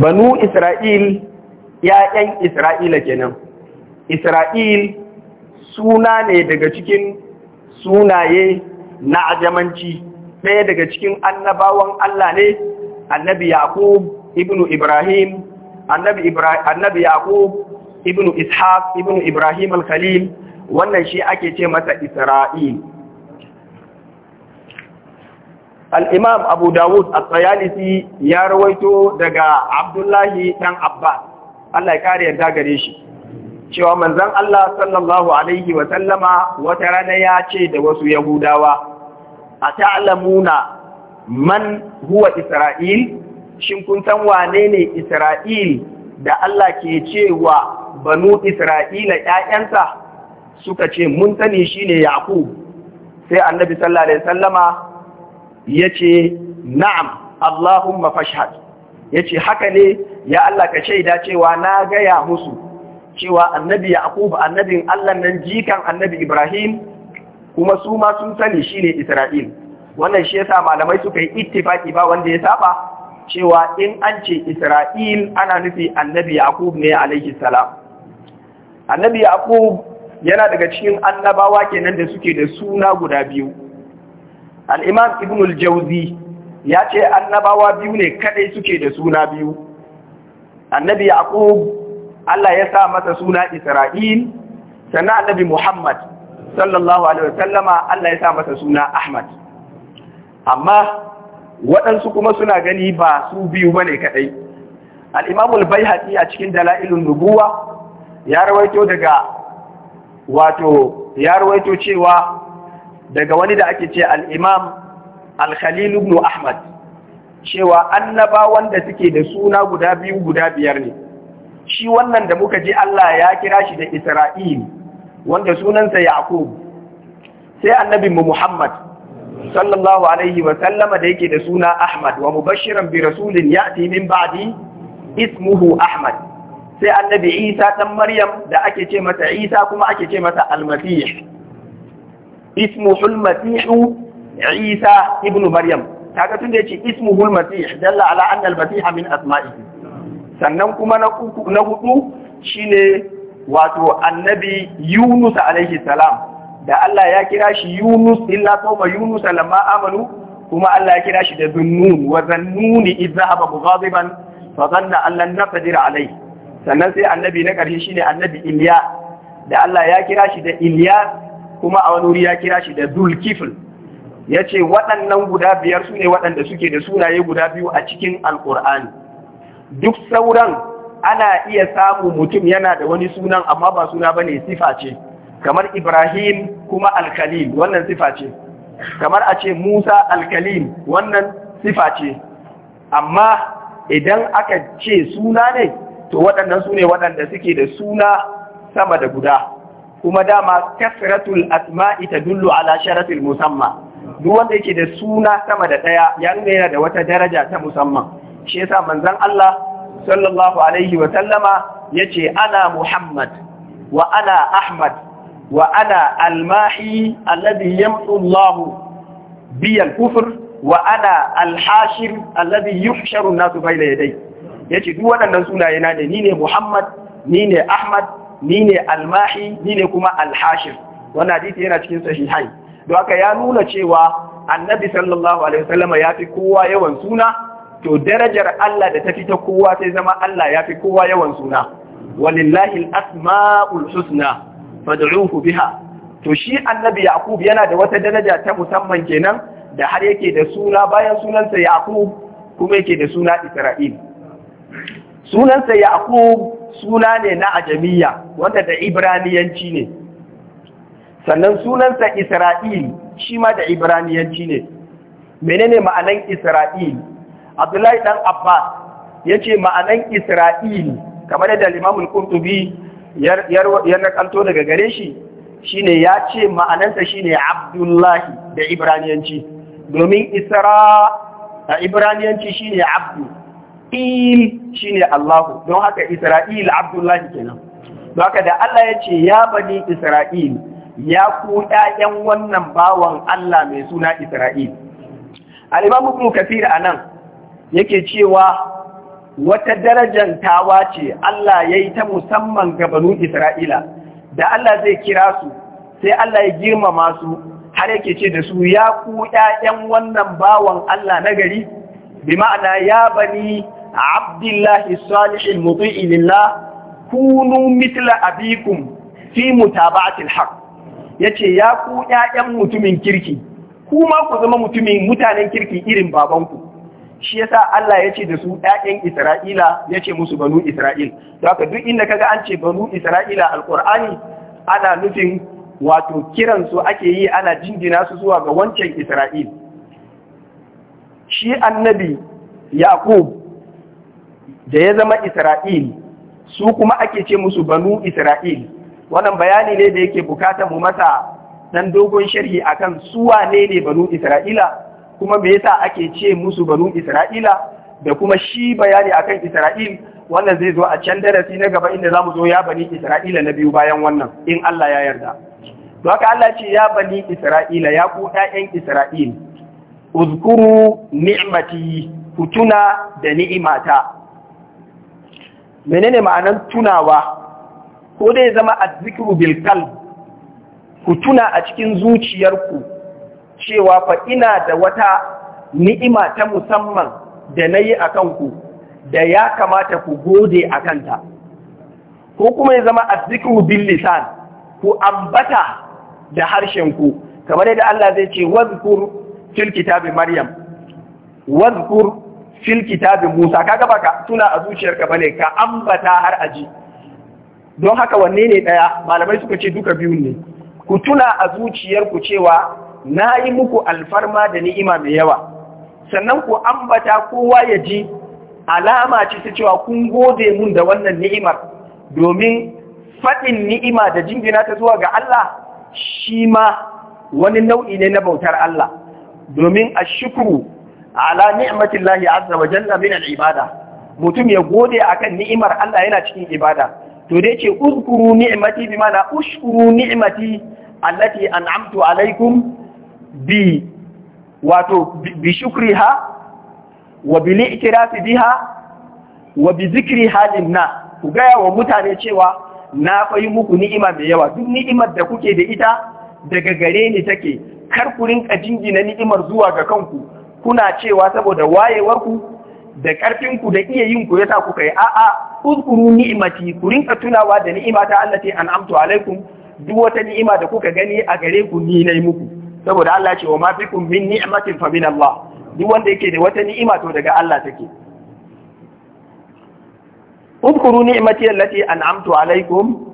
banu isra'il ‘ya'yan isra'ila kenan isra'il suna ne daga cikin sunaye na ajamanci ɗaya daga cikin annabawan Allah ne annabi yaqub ibnu ibrahim annabi ibrahim annabi yaqub ibnu ishaq ibnu ibrahim al-khalil wannan shi ake ce masa isra'il al-imam abu dawud a tayalisi ya rawaito daga abdullahi ɗan abbas Allah ya kare yarda gare shi cewa manzon Allah sallallahu alaihi wa sallama wata rana ya ce da wasu yahudawa a ta'lamuna man huwa isra'il shin kun san wane ne isra'il da Allah ke cewa banu isra'ila 'ya'yansa? suka ce mun sani shine yaqub sai annabi sallallahu alaihi wasallama Ya ce na'am Allahumma fashhad ce haka ne ya Allah ka shaida cewa na gaya musu cewa annabi Yaqub annabin Allah nan jikan annabi Ibrahim kuma su ma sun sani shine Isra'il wannan shi yasa malamai suka yi ittifaki ba wanda ya saba cewa in an ce Isra'il ana nufi annabi Yaqub ne alaihi salam annabi Yaqub yana daga cikin annabawa kenan da suke da suna guda biyu al'imam ibn al-jauzi ya ce annabawa biyu ne kadai suke da suna biyu annabi yaqub Allah ya sa masa suna isra'il sannan annabi muhammad sallallahu alaihi wasallama Allah ya sa masa suna ahmad amma waɗansu kuma suna gani ba su biyu ba ne kadai al-imam al a cikin dalailun nubuwa ya rawaito daga wato ya rawaito cewa daga wani da ake ce al-imam al-khalil ibn ahmad cewa annabawan da suke da suna guda biyu guda biyar ne shi wannan da muka ji Allah ya kira shi da Isra'il wanda sunansa Yaqub sai annabin mu Muhammad sallallahu alaihi wa sallama da yake da suna Ahmad wa mubashiran bi rasulin ya'ti min ba'di ismuhu Ahmad sai annabi Isa dan Maryam da ake ce masa Isa kuma ake ce masa al ismuhul masihu isa ibnu maryam kaga tunda yace ismuhul masih dalla ala anna al min asma'ihi sannan kuma na uku na hudu shine wato annabi yunus alaihi salam da Allah ya kira shi yunus illa qawma yunus lamma amanu kuma Allah ya kira shi da zunnun wa zannuni idh dhahaba mughadiban fa dhanna an lan naqdir Alayhi. sannan sai annabi na karshe shine annabi Iliya da Allah ya kira shi da Iliya kuma a wani wuri ya kira shi da dul kifl ya ce waɗannan guda biyar su ne waɗanda suke da sunaye guda biyu a cikin alƙur'ani duk sauran ana iya samu mutum yana da wani sunan amma ba suna ba ne sifa ce kamar ibrahim kuma alkalim wannan sifa ce kamar a ce musa alkalim wannan sifa ce amma idan aka ce suna ne to waɗannan su ne waɗanda suke da suna sama da guda kuma dama kasratul asma'i tadullu ala sharafil musamma duk wanda yake da suna sama da ɗaya ya nuna yana da wata daraja ta musamman shi yasa manzon Allah sallallahu alaihi wa sallama yace ana Muhammad wa ana Ahmad wa ana almahi mahi alladhi yamsu Allah bi al-kufr wa ana al-hashir alladhi yuhsharu an-nasu bayna yadayhi yace duk waɗannan suna na ne ni ne Muhammad ni ne Ahmad ni ne almahi ni ne kuma alhashir wannan hadisi yana cikin sahihai don haka ya nuna cewa annabi sallallahu alaihi wasallama ya fi kowa yawan suna to darajar Allah da ta fi ta kowa sai zama Allah yafi kowa yawan suna walillahi alasmaul asmaul husna fad'uhu biha to shi annabi yaqub yana da wata daraja ta musamman kenan da har yake da suna bayan sunansa yaqub kuma yake da suna isra'il sunansa yaqub suna ne na ajamiya wanda da ibraniyanci ne sannan sunansa isra'il shi ma da ibraniyanci ne menene ma'anan isra'il abdullahi dan abbas ya ce ma'anan isra'il kamar da limamul kurtubi ya nakalto daga gare shi ne ya ce ma'anansa shi ne abdullahi da ibraniyanci domin isra a ibraniyanci shi ne abdu shi ne Allahu don haka Isra'il Abdullahi kenan don haka da Allah ya ce ya bani Isra'il ya ku ƴaƴan wannan bawan Allah mai suna Isra'il Alibamu kuma Ibn a anan yake cewa wata darajar tawa ce Allah ya yi ta musamman ga banu Isra'ila da Allah zai kira su sai Allah ya girmama su har yake ce da su ya ku ƴaƴan wannan bawan Allah na gari bi ma'ana ya bani abdullahi الصالح mutu'i لله كونوا mitla abikum في متابعة الحق yace ya ku ƴaƴan mutumin kirki kuma ku zama mutumin mutanen kirki irin babanku shi yasa Allah ya ce da su ‘ya'yan Isra'ila ya ce musu banu Isra'il. aka duk inda kaga an ce banu Isra'ila al'ur'ani ana nufin wato kiransu ake yi ana jingina su zuwa ga wancan Isra'il. Shi annabi Yaƙub da ya zama Isra'il su kuma ake ce musu banu Isra'il wannan bayani ne da yake bukata mu mata nan dogon sharhi akan su wane ne banu Isra'ila kuma me yasa ake ce musu banu Isra'ila da kuma shi bayani akan Isra'il wannan zai zo a can darasi na gaba inda mu zo ya bani Isra'ila na biyu bayan wannan in Allah ya yarda to Allah ce ya bani Isra'ila ya ku 'ya'yan Isra'il uzkuru ni'mati ku tuna da ni'imata menene ma'anar tunawa ko dai zama a zikiru bilkal ku tuna a cikin zuciyarku cewa fa ina da wata ni'ima ta musamman da na yi a kanku da ya kamata ku gode a kanta ko kuma ya zama azzikiru bil lisan ku ambata da harshen ku kamar yadda Allah zai ce wazkur fil kitabi maryam wazkur fil kitabin Musa kaga baka tuna a zuciyarka bane ka ambata har aji don haka wanne ne daya malamai suka ce duka biyun ne ku tuna a zuciyarku cewa na yi muku alfarma da ni'ima mai yawa sannan ku ambata kowa ya ji alama ce ta cewa kun gode mun da wannan ni'imar domin faɗin ni'ima da jingina ta zuwa ga Allah shi ma wani nau'i ne na bautar Allah domin a shukuru ala ni'matillahi azza wa jalla min al-ibada mutum ya gode akan ni'imar Allah yana cikin ibada to dai ce uzkuru ni'mati bi mana ushkuru ni'mati allati an'amtu alaikum bi wato bi shukriha wa bi li'tirafi biha wa bi zikriha na, ku gaya wa mutane cewa na fayi muku ni'ima mai yawa duk ni'imar da kuke da ita daga gare ni take kar ku rinka jingina ni'imar zuwa ga kanku kuna cewa saboda wayewarku da ƙarfinku da iya yin ku yasa kuka yi a'a uzkuru ni'imati ku rinka tunawa da ni'imata ta an'amtu alaikum duk wata ni'ima da kuka gani a gare ku ni nayi muku saboda Allah ce wa ma fikum min ni'matin fa min Allah duk wanda yake da wata ni'ima to daga Allah take uzkuru ni'mati allati an'amtu alaikum